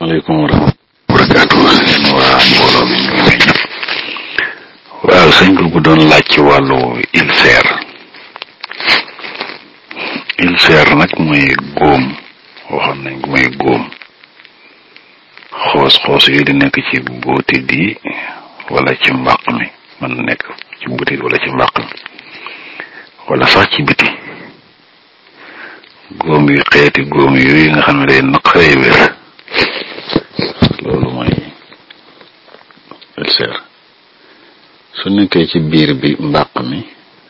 maaleykum waaw sëñ bi bu doon laaj ci wàllu ulcère ulcère nag mooy góom waxoon nañ ko mooy góom xoos xoos yi di nekk ci butit yi wala ci mbàq mi mën na nekk ci butit wala ci mbàq mi wala sax ci biti góom yu xeeti góom yooyu nga xam ne day naqaree wér nekkee ci biir bi mbaq mi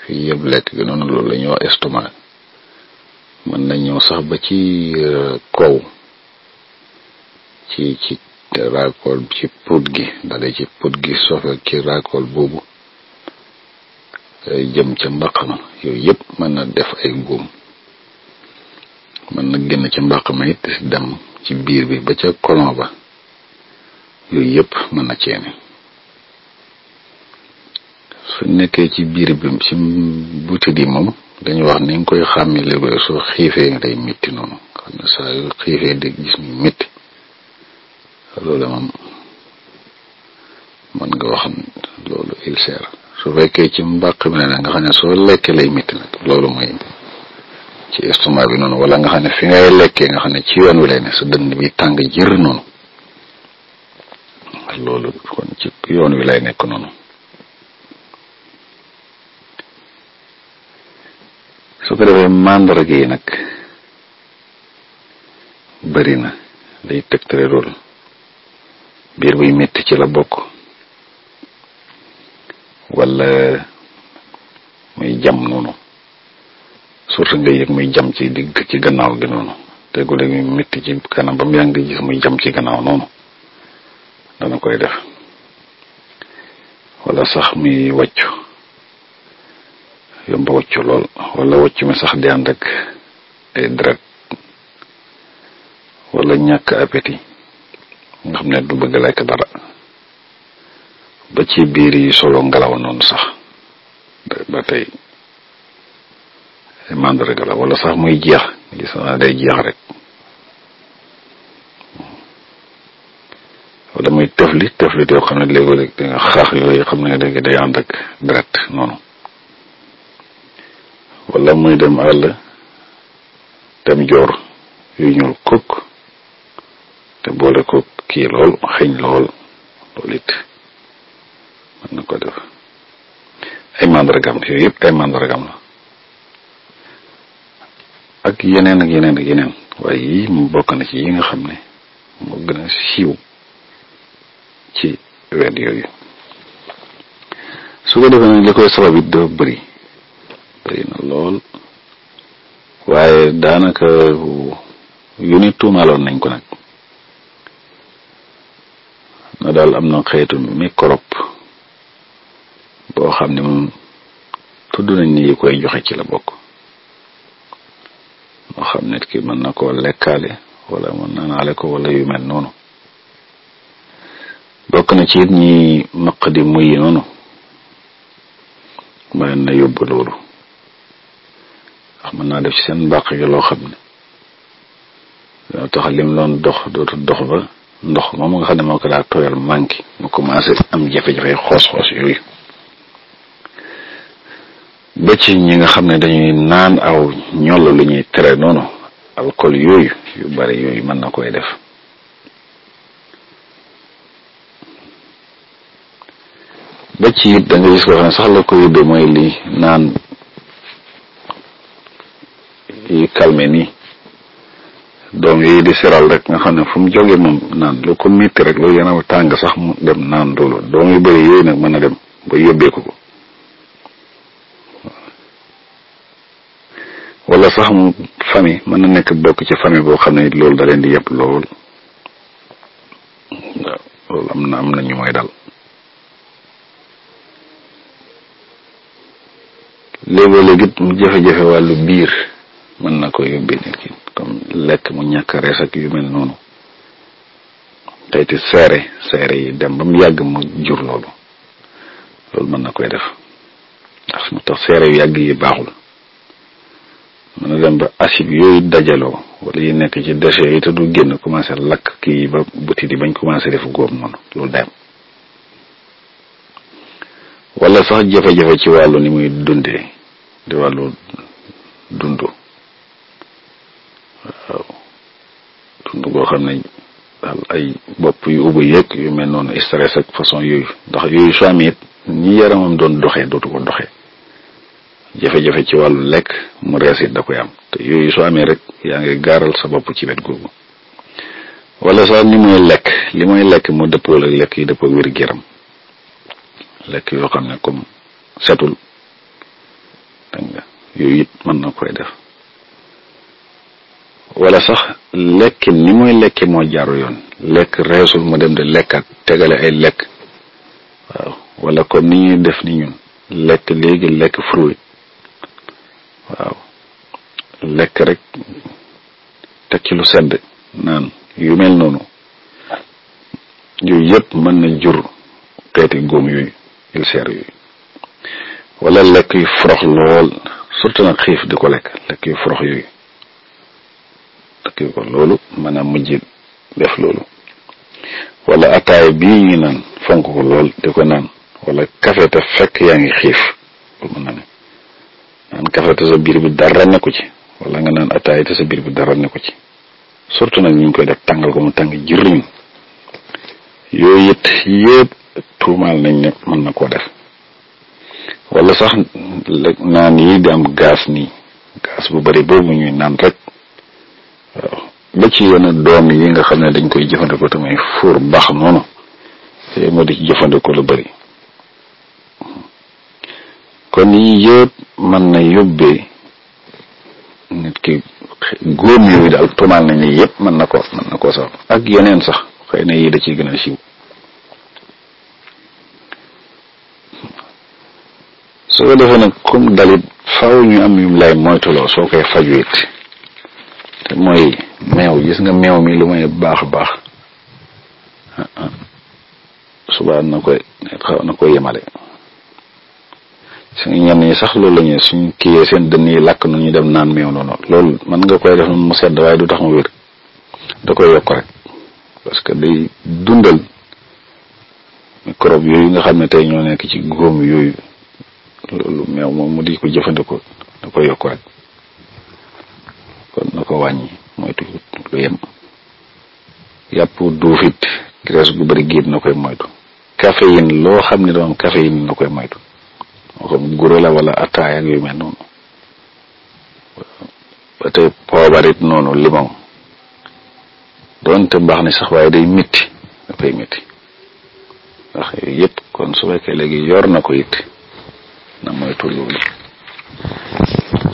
fii yëpp lekk gi noonu loolu la ñuy wax mën na ñëw sax ba ci euh, kaw ci ci raakool ci put gi dale ci put gi sofe ci raakool boobu jëm ca mbàq ma yooyu yëpp mën na def ay góom mën na génn ca mbaq ma it dem ci biir bi ba ca colon ba yooyu yëpp mën na ceene su nekkee ci biir bi ci butit yi moom dañuy wax ni nga koy xàmmi léegi soo xiifee day métti noonu xam ne saa yu xiifee di gis ñu métti loolu moom mën nga waxam loolu ulcère nga xam ne soo lekkee lay métti nag loolu mooy ci estomac bi noonu wala nga xam ne fi ngay lekkee nga xam ne ci yoon wi lay ne sa dënd bi tàng jër noonu loolu kon ci yoon wi lay nekk noonu su ko defee màndarga yi nag bëri na day tegtale lool biir buy métti ci la bokk wala muy jam noonu surtout nga yëg muy jam ci digg ci gannaaw gi noonu te gu léegi muy métti ci kanam ba mu yaa ngi gis jam ci gannaaw noonu dana koy def wala sax muy wàccu yomba waccu lool wala waccu mi sax di ànd ak ay deret wala ñàkk appétit nga xam ne du bëgg lekk dara ba ci biir yi solo ngelaw noonu sax ba tey mandarga la wala sax muy jeex gis naa day jeex rek wala muy tëfli tëflit yoo xam ne léegoo léeg di nga xaax yooyu xam ne léegi day ànd ak deret noonu wala mooy dem àll dem joor yu ñuul kok te boole ko kii lool xëñ lool loolu it na ko def ay mandargam yooyu yëpp ay mandargam la ak yeneen ak yeneen yeneen waaye yii mu bokk na ci yi nga xam ne moo gën a siiw ci wet yooyu su ko defee li koy sabab it dafa na lool waaye daanaka yu ni tuumaaloon nañ ko nag na daal am na xeetu microbe boo xam ne moom tudd nañ ni yi koy joxe ci la bokk moo xam nit ki mën na koo lekkaale wala mën na naale ko wala yu mel noonu bokk na ci it ñi maq di muy noonu mën na yóbbu loolu mën naa def ci seen mbàq gi loo xam ne dana tax lim loon dox dootul dox ba ndox moom nga xam ne moo ko daa tooyal manqué mu commencé am jafe-jafe xoos-xoos yooyu ba ñi nga xam ne dañuy naan aw ñoll lu ñuy tere noonu alcool yooyu yu bari yooyu mën na koy def ba ci it da gis ko xam ne sax la ko yóbbee mooy lii naan yi calme nii doom yooyu di seral rek nga xam ne fu mu jógee moom naan lu ko métti rek lu yaram tàng sax mu dem naan loolu doom yu bari yooyu nag mën a dem ba yóbbeeku ko wala sax mu famille mën na nekk dokk ci famille boo xam ne loolu da leen di yëpp lool waaw loolu am na am na ñu mooy dal léegoo léegi mu jafe-jafe wàllu biir mën na koy yóbbee nit ki comme lekk mu ñàkk rees ak yu mel noonu xeeti seere seere yi dem ba mu yàgg mu jur loolu loolu mën na koy def ndax mu tax seere yu yàgg yi baaxul mën na dem ba acide yooyu dajaloo wala yi nekk ci déchets yi te du génn commencé lakk kii ba butit yi bañ commencé def góob noonu loolu dem wala sax jafe-jafe ci wàllu ni muy dundee di wàllu dundu waaw tund goo xam ne daal ay bopp yu ubbi yeeg yu mel noonu stress ak façon yooyu ndax yooyu su amee it ñi yaramam doon doxee dootu ko doxee jafe-jafe ci wàllu lekk mu rees it da koy am te yooyu su amee rek yaa ngi gaaral sa bopp ci wet googu wala sax ni mooy lekk li mooy lekk mu dëppoo ak lekk yi dëppoo ak wér-gu-yaram lekk yoo xam ne comme setul dégg nga yooyu it mën na koy def wala sax lekk ni mooy lekke moo jaaro yoon lekk reesul mu dem di lekkat tegale ay lekk waaw wala comme ni ñuy def ni ñun lekk léegi lekk fruit waaw lekk rek teg sedd naan yu mel noonu yooyu yëpp mën na jur xeeti góom yooyu ulcère yooyu wala lekk yu forox lool surtout nag xiif di ko lekk lekk yu forox yooyu ak ko loolu mën a mujj def loolu wala ataaya bii ñu naan fonk ko lool di ko naan wala kafe te fekk yaa ngi xiif lu mën na ne naan kafe te sa biir bi dara nekku ci wala nga naan ataaya sa biir bi dara nekku ci surtout nag ñu ngi koy def tàngal ko mu tàng jëriñ yooyu it tuumaal nañ ne mën na koo def wala sax naan yi di am gaz nii gaz bu bari boobu ñuy naan rek ba ci yenn doom yi nga xam ne dañ koy jëfandikoo te muy fuur baax noonu te di jëfandikoo lu bari kon yii yëpp mën na yóbbee ki góom daal tuumaal nañ ne mën na ko mën na koo sabab ak yeneen sax xëy na yii da ciy gën a soo defee nag comme dalit ñu am yum lay koy faju it te mooy meew gis nga meew mii lu may baax baax subaa na koy xaw na koy yemale suñu ñenn ñi sax loolu la suñ kiyee seen dënn yi làkk nu ñu dem naan meew noonu loolu mën nga koy def mu sedd waaye du tax ma wér da koy yokk rek parce que day dundal microbe yooyu nga xam ne tey ñoo nekk ci góom yooyu loolu meew moom mu di ko jëfandikoo da koy yokk rek ko wàññi moytu lu yem yàpp duufit graisse gu bëri giit na koy moytu caféine loo xam ne dafa am caféine na koy moytu moo xam guro la wala ataaya ak yu mel noonu ba baax na sax waaye day métti dafay ndax yooyu yëpp kon su fekkee léegi yor na ko it na moytu loolu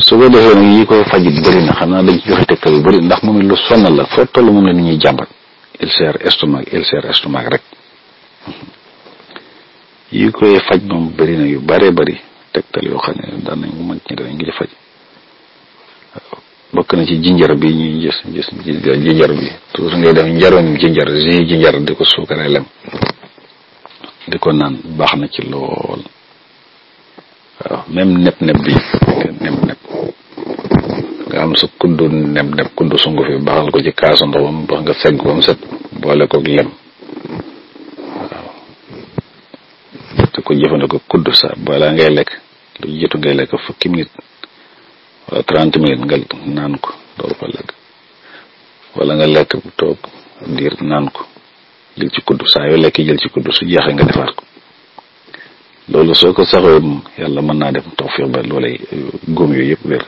su ko defee nag yi koy faj it na xam naa dañ ci joxe tegtal yu bëri ndax moom it lu sonal la foo toll moom la nit ñuy jàmbat ulcère estomac ulcère estomac rek yi koy faj moom bëri na yu bëree bëri tegtal yoo xam ne daan nañ mën ci danañ ngi faj bokk na ci jinjar bi ñuy gis gis jinjar bi toujours ngay def njaroon jinjar zi jinjar di ko suukaree lem di ko naan baax na ci lool waaw même nepp nepp bi nga am su kuddu nepp nepp kuddu sungu fi baxal ko ci kaasu ndox bam wax nga segg bam set boole koog lem waaw kudd sa ngay lekk lu jiitu fukki minute wala trente minutes nga naan ko door ko lekk wala nga lekk toog diir naan ko jël ci kudd saa yoo lekk jël ci kudd su jeexee nga defaat ko loolu soo ko saxoo yàlla mën naa def tawfiq ba loolay euh, góom yooyu yëpp wér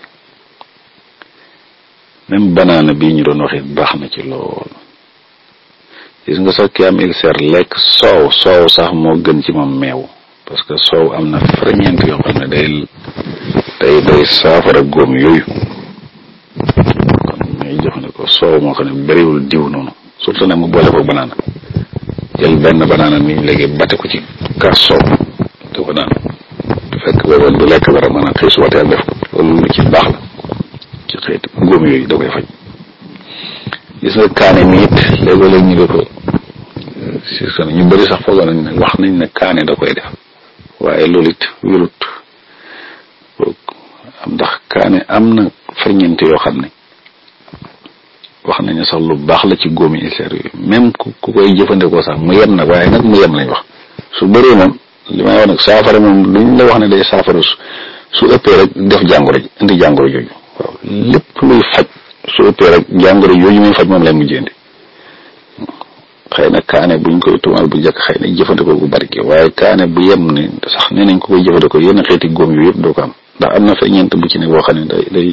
même banaana bii ñu doon waxee baax na ci lool gis nga sax ki am ulcère lekk soow soow sax moo gën ci moom meew parce que soow am na ferñeent yoo xam ne day day saafara góom yooyu kon ñooy jox ne ko soow moo xam ne bariwul diw noonu surtout ne mu boole ko banaana jël benn banaana ni ñu léegi bate ko ci kaas soow ko naan fekk wewel du lekk dara maanaam xëy suba def ko loolu ci baax la ci xeeti ngóom yooyu da koy faj nga kaane mi it ñu di si son ñu bëri sax foogoo nañ ne wax nañ ne kaane da koy def waaye loolu it wérut ndax kaani am na ferñeent yoo xam ne wax nañ ne sax lu baax la ci góomi ulcère yooyu même ku koy jëfandikoo sax mu yem nag waaye nag mu yem lañ wax su bari moom li may wax nag saafara moom luñ la wax ne day saafara su ëppee rek def jàngoro ji indi jàngoro jooju waaw lépp luy faj su ëppee rek jàngoro yooyu muy faj moom lay mujjee indi xëy na kaane buñ koy tuumal bu njëkk xëy na jëfandikoo bu bari waaye kaane bu yem ni sax nee nañ ko koy jëfandikoo yenn xeeti góom yu yëpp doo ko am ndax am na fa ñeent bu ci ne boo xam ne day day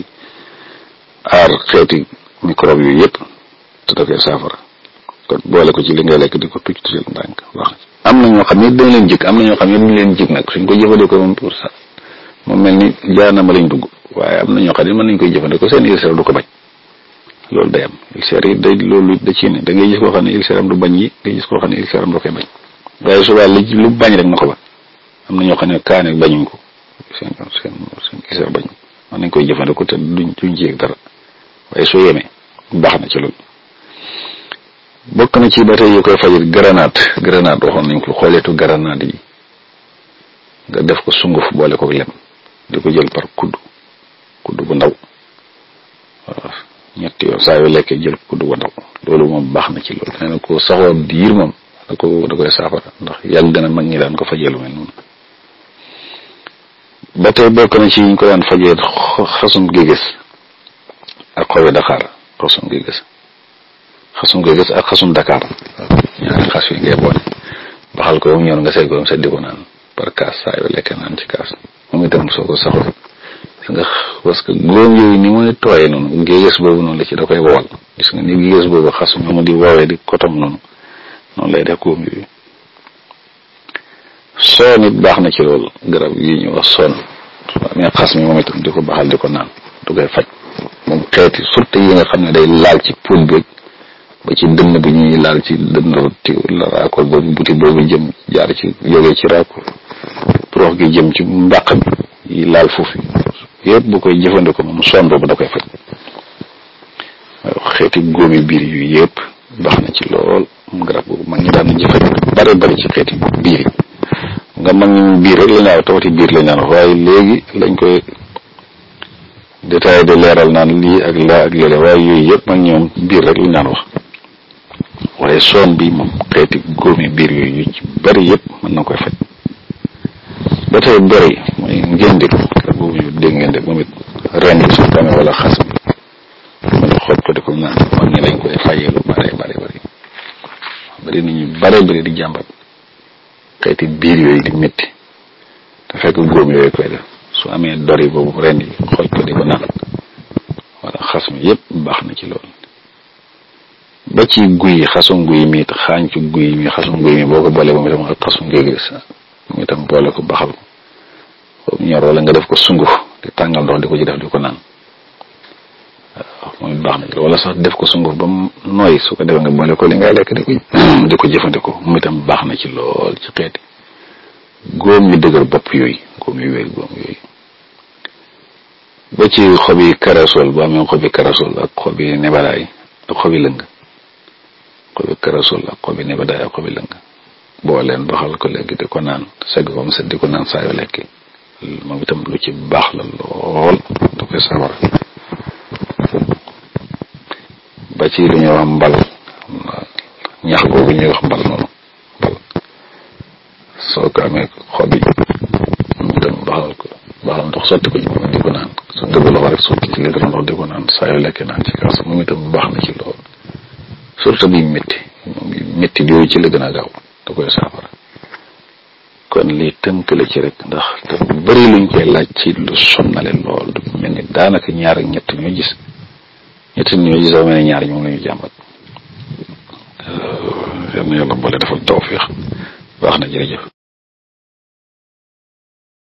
aar xeeti microbe yu yëpp te da koy saafara kon boole ko ci li ngay lekk di ko tucc tuccal ndànk wax am na ñoo xam ne dañ leen jik am na ñoo xam ne duñ leen jik nag suñ ko jëfandikoo moom pour ça moom mel ni jaanama lañ dugg waaye am na ñoo xam ne mën nañ koy jëfandikoo seen ulcère du ko bañ loolu day am ulcère yi day loolu da ciy da ngay gis koo xam ne ulcère am du bañ yi nga gis koo lu bañ rek na ko ba am na ñoo xam ne kaane bañuñ ko seen seen seen ulcère bañ mën nañ koy jëfandikoo te duñ duñ ci yëg dara waaye soo yemee baax na ci loolu bokk na ci ba tey koy fajit grenade grenade waxoon nañ ko xooleetu grenade yi nga def ko sunguf boole ko lem di ko jël par kudd kudd bu ndaw waaw ñetti yoon saa yu lekkee jël kudd bu ndaw loolu moom baax na ci loolu nee na ko saxoo diir moom da ndax yàgg na mag ñi daan ko fajee lu mel noonu ba bokk na ci ñu ko daan fajee xasum géges ak xobi daxaar xasum géges xasum Govis ak xasum Dakar ñaari xas yi ngay boole baxal ko yow ñor nga seet ko yow seddi ko naan par kaas saa yoo lekk naan ci kaas moom itam soo ko saxoo nga parce que góom yooyu ni mooy tooyee noonu la ci da nga ni géeges boobu xas mu di woowee di kotom lay def góom yooyu it baax na ci loolu garab yi ñu wax soon mais xas mi moom di ko baxal di ko naan du koy faj moom xeeti surtout yi nga xam ne day laal ci poñ bi ba ci dënn bi ñuy laal ci dënn ti la raakool boobu buti boobu jëm jaar ci jógee ci raakool roox gi jëm ci mbàq mi yi laal foofu yëpp bu koy jëfandikoo moom son boobu da koy faj xeeti góomi biir yëpp baax ci lool garab boobu mag ñi daan xeeti biir yi nga mag ñi biir rek lañ naan tawati biir léegi lañ koy détaillé de leeral naan lii ak laa ak léeg yooyu yëpp mag ñoom biir rek wax waaye soom bi moom xeeti góomi biir yooyu yu ci bari yëpp mën na koy faj ba tey bari mooy ngéndil la boobu ñu moom it ren bi su tamee wala xas bi mën xooj ko di ko naan mag ñi lañ koy fayee lu bare bare bari bari nit ñu bare bari di jàmbat xeeti biir yooyu di métti te fekk góom yooyu koy def su amee dori boobu ren yi xooj ko di ko naan wala xas mi yëpp baax na ci loolu ba ci guy xasu guy mi xaañ ci guy mi xasu guy mi boo ko boolee moom itam xasu guy gi moom itam boole ko baxal ko ñor wala nga def ko sunguf di tàngal ndox di ko ci def di ko naan waaw wala sax def ko sunguf ba mu nooy su ko defee ko li ngay lekk di ko ko jëfandikoo moom itam baax na ci lool ci xeeti góom yu dëgër bopp yooyu góom yu yooyu ba ci xobi karasol boo amee xobi karasol ak xobi nebalaay ak xobi lëng xobi karasul ak xobi nebadaay ak xobi lëng boo leen baxal ko léegi di ko naan segg ba mu set di ko naan saa yu lekki moom baax la lool da koy sawar ba ci lu ñuy wax mbal ñax boobu ñuy wax mbal noonu mbal soo ko amee xobi moom itam baxal ndox sotti ko ci moom di naan su dëgg la war rek sotti ci litre ndox di ko naan saa yu lekki naan ci kaas moom itam baax na ci lool surtout bi métti métti yooyu ci la gën a gaaw da koy saafara kon lii tënk ci rek ndax te bëri luñ koy laaj ci lu sonnale lool mel ni daanaka ñaar ak ñett ñoo gis ñett ñoo gis dafa mel ni ñaar ñoom la ñu jàmbat euh, yal na boole defal tawfiix baax na jërëjëf